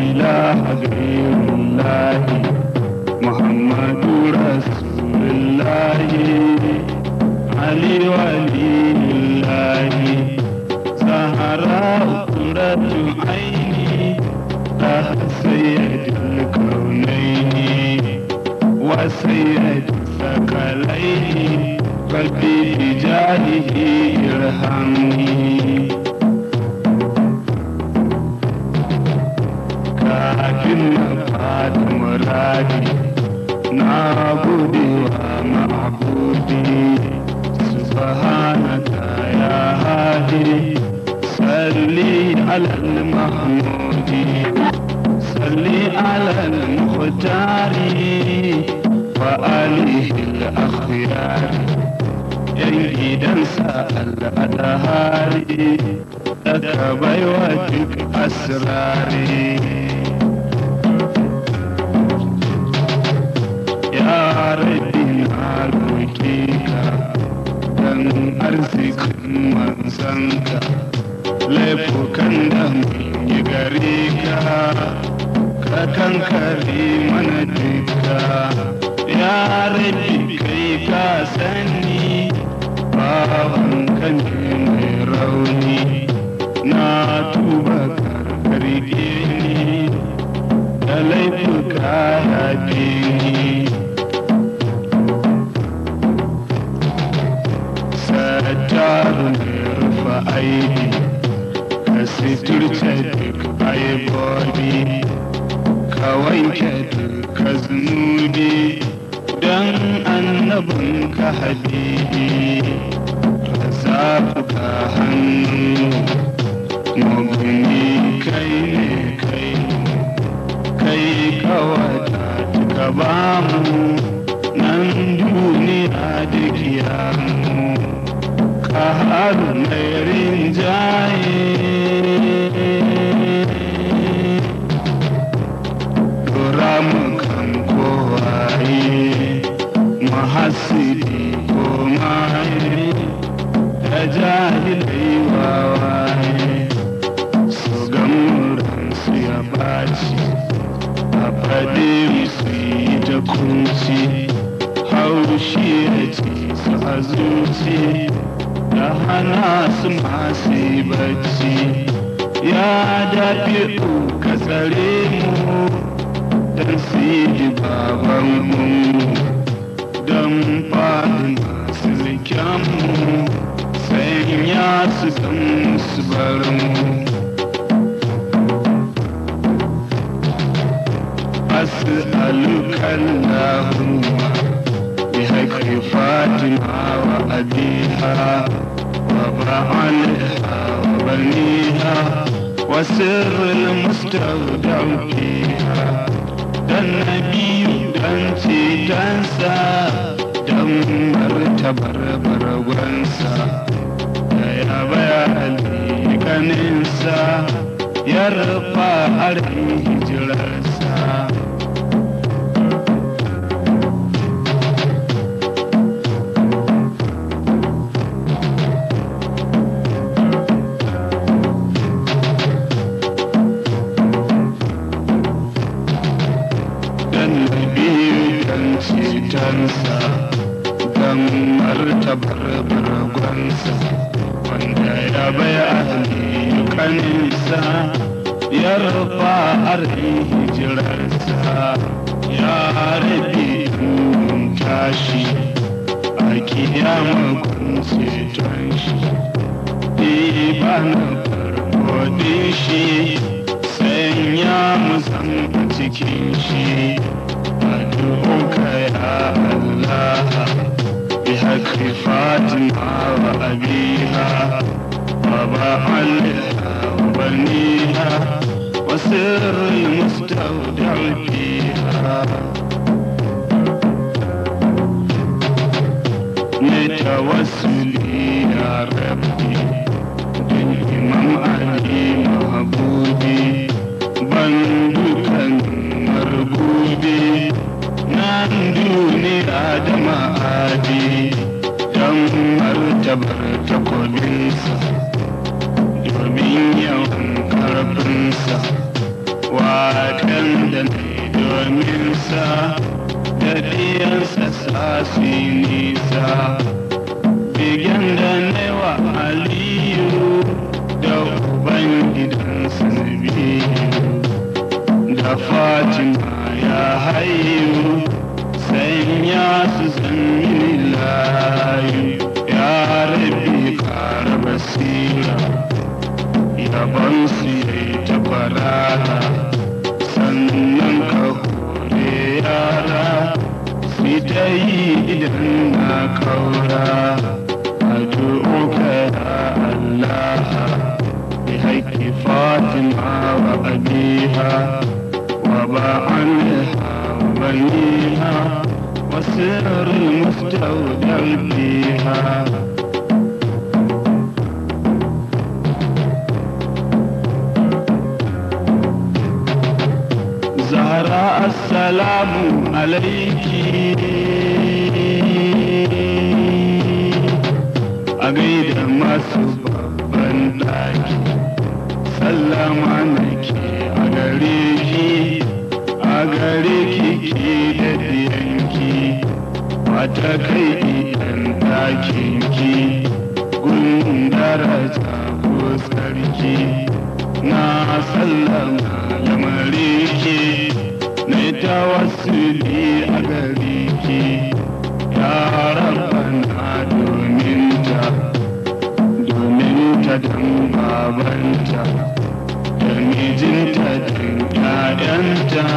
إله غير الله محمد رسول الله علي ولي الله زهراء قرة عيني لا سيد الكونين وسيد الثقلين قلبي بجاهه ارحمني ladi na gode wa mahbudi subhanaka ya hadiri salli ala al-mahmudi salli ala al-muhtari wa alihi al-akhyari yan gidansa al-adhari daga baiwa duk asrari ya rabi na roƙe ka dan arzikin manzanka laifukan da mun yi gare ka ka kankare mana duka ya rabi kai ka sani baban kan mai rauni na tuba karkar ni da laifuka ya ni rufe aini ka siturce duk aibobi ka wanke duka zunubi don annabin ka habibi ka zafuka hannu muguni kai ne kai kai kawata ka ba mu nan duniya da kiyama अब मेरी masu masu bacci ya dafi ka tsare mu don babanmu don faɗi masu zikinmu sanya su don su bar mu أسألك اللهم بحق فاطمة وأبيها وعنها وبنيها وسر المستودع فيها ده النبي ده انت تنسى ده مرتبر برغنسى يا بيالي كننسى يرفع عليه جلسه fitansa don martabar bargonsa wanda ya bayani kanisa ya rufa arin hijirarsa ya rabi tashi a kiyama kunce ton shi ba na farko shi sanya musamman cikin shi مدعوك يا الله بحق فاطمة وأبيها وابا عليها وبنيها وسر المستودع فيها نتوسلي يا ربي بالإمام tabar takobinsa domin yawan karfinsa waƙan da ne domin sa tafiyarsa sa nisa bigen da naiwa aliyu da uban gidansa na biyu da fatima ya hayu sanya su zan layu ya rabi ƙara basira Ya su ya ta sannan ka hore yara su ta yi idan na kaura a ya Allah bi haƙƙi Fatima wa abiha wa ba'anha wa baniha وسر مستودع فيها زهراء السلام عليك أقيد ما سببن لك سلام عليك أقريك أقريك كي لديك mata kai idan ɗakin ki gurin daraja ko sarki na sallama lamari ki na tawassuli a gari ki ya bana domin ta domin ta dan babanta da mijinta dan 'ya'yanta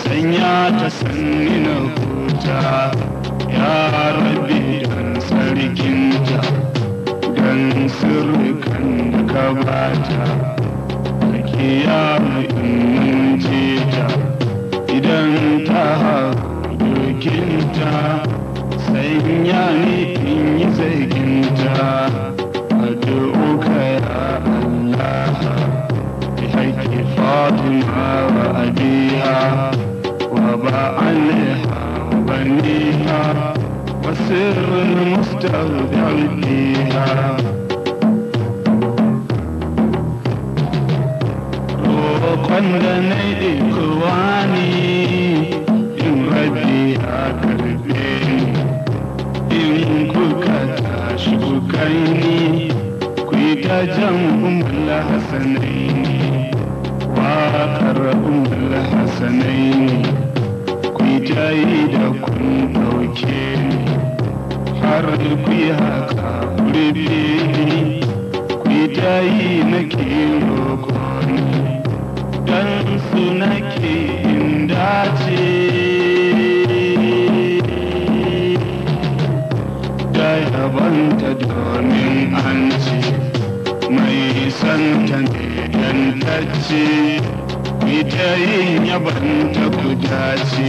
sanya ta sanni na ku ta ya rabe dan sarkin ja, dan sirrikan da ka bata da kiyama in idan ta hakurkinta sai ya ni in yi zaginta addu'uka ya Allah ya haƙƙi Fatima wa abiya wa ba alaiha بنيها وسر المستودع فيها روقا بنيت كواني إن رديها كالبين إن كلك تشبكيني كيك جمهم الحسنين وآخر الحسنين sai da kun ɗauke har ku yi haka kurbe ni ku yi tayi na ke dan su na ke inda ce da yabanta domin an ce mai santa ne yantacce ku yi tayi yabanta guda ce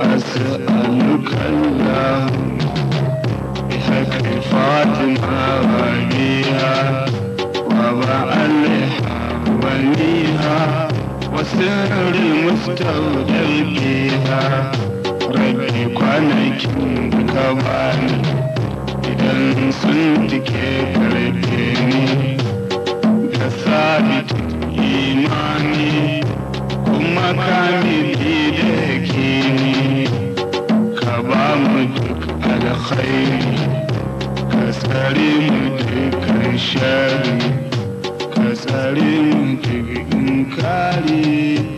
أسألك الله بحق فاطمة ربيها وبعلها وليها وسر المستودع فيها ربي kwanakin ka bani idan sun tike karfe ni da sabitin imani tsare mu shari ka tsare mu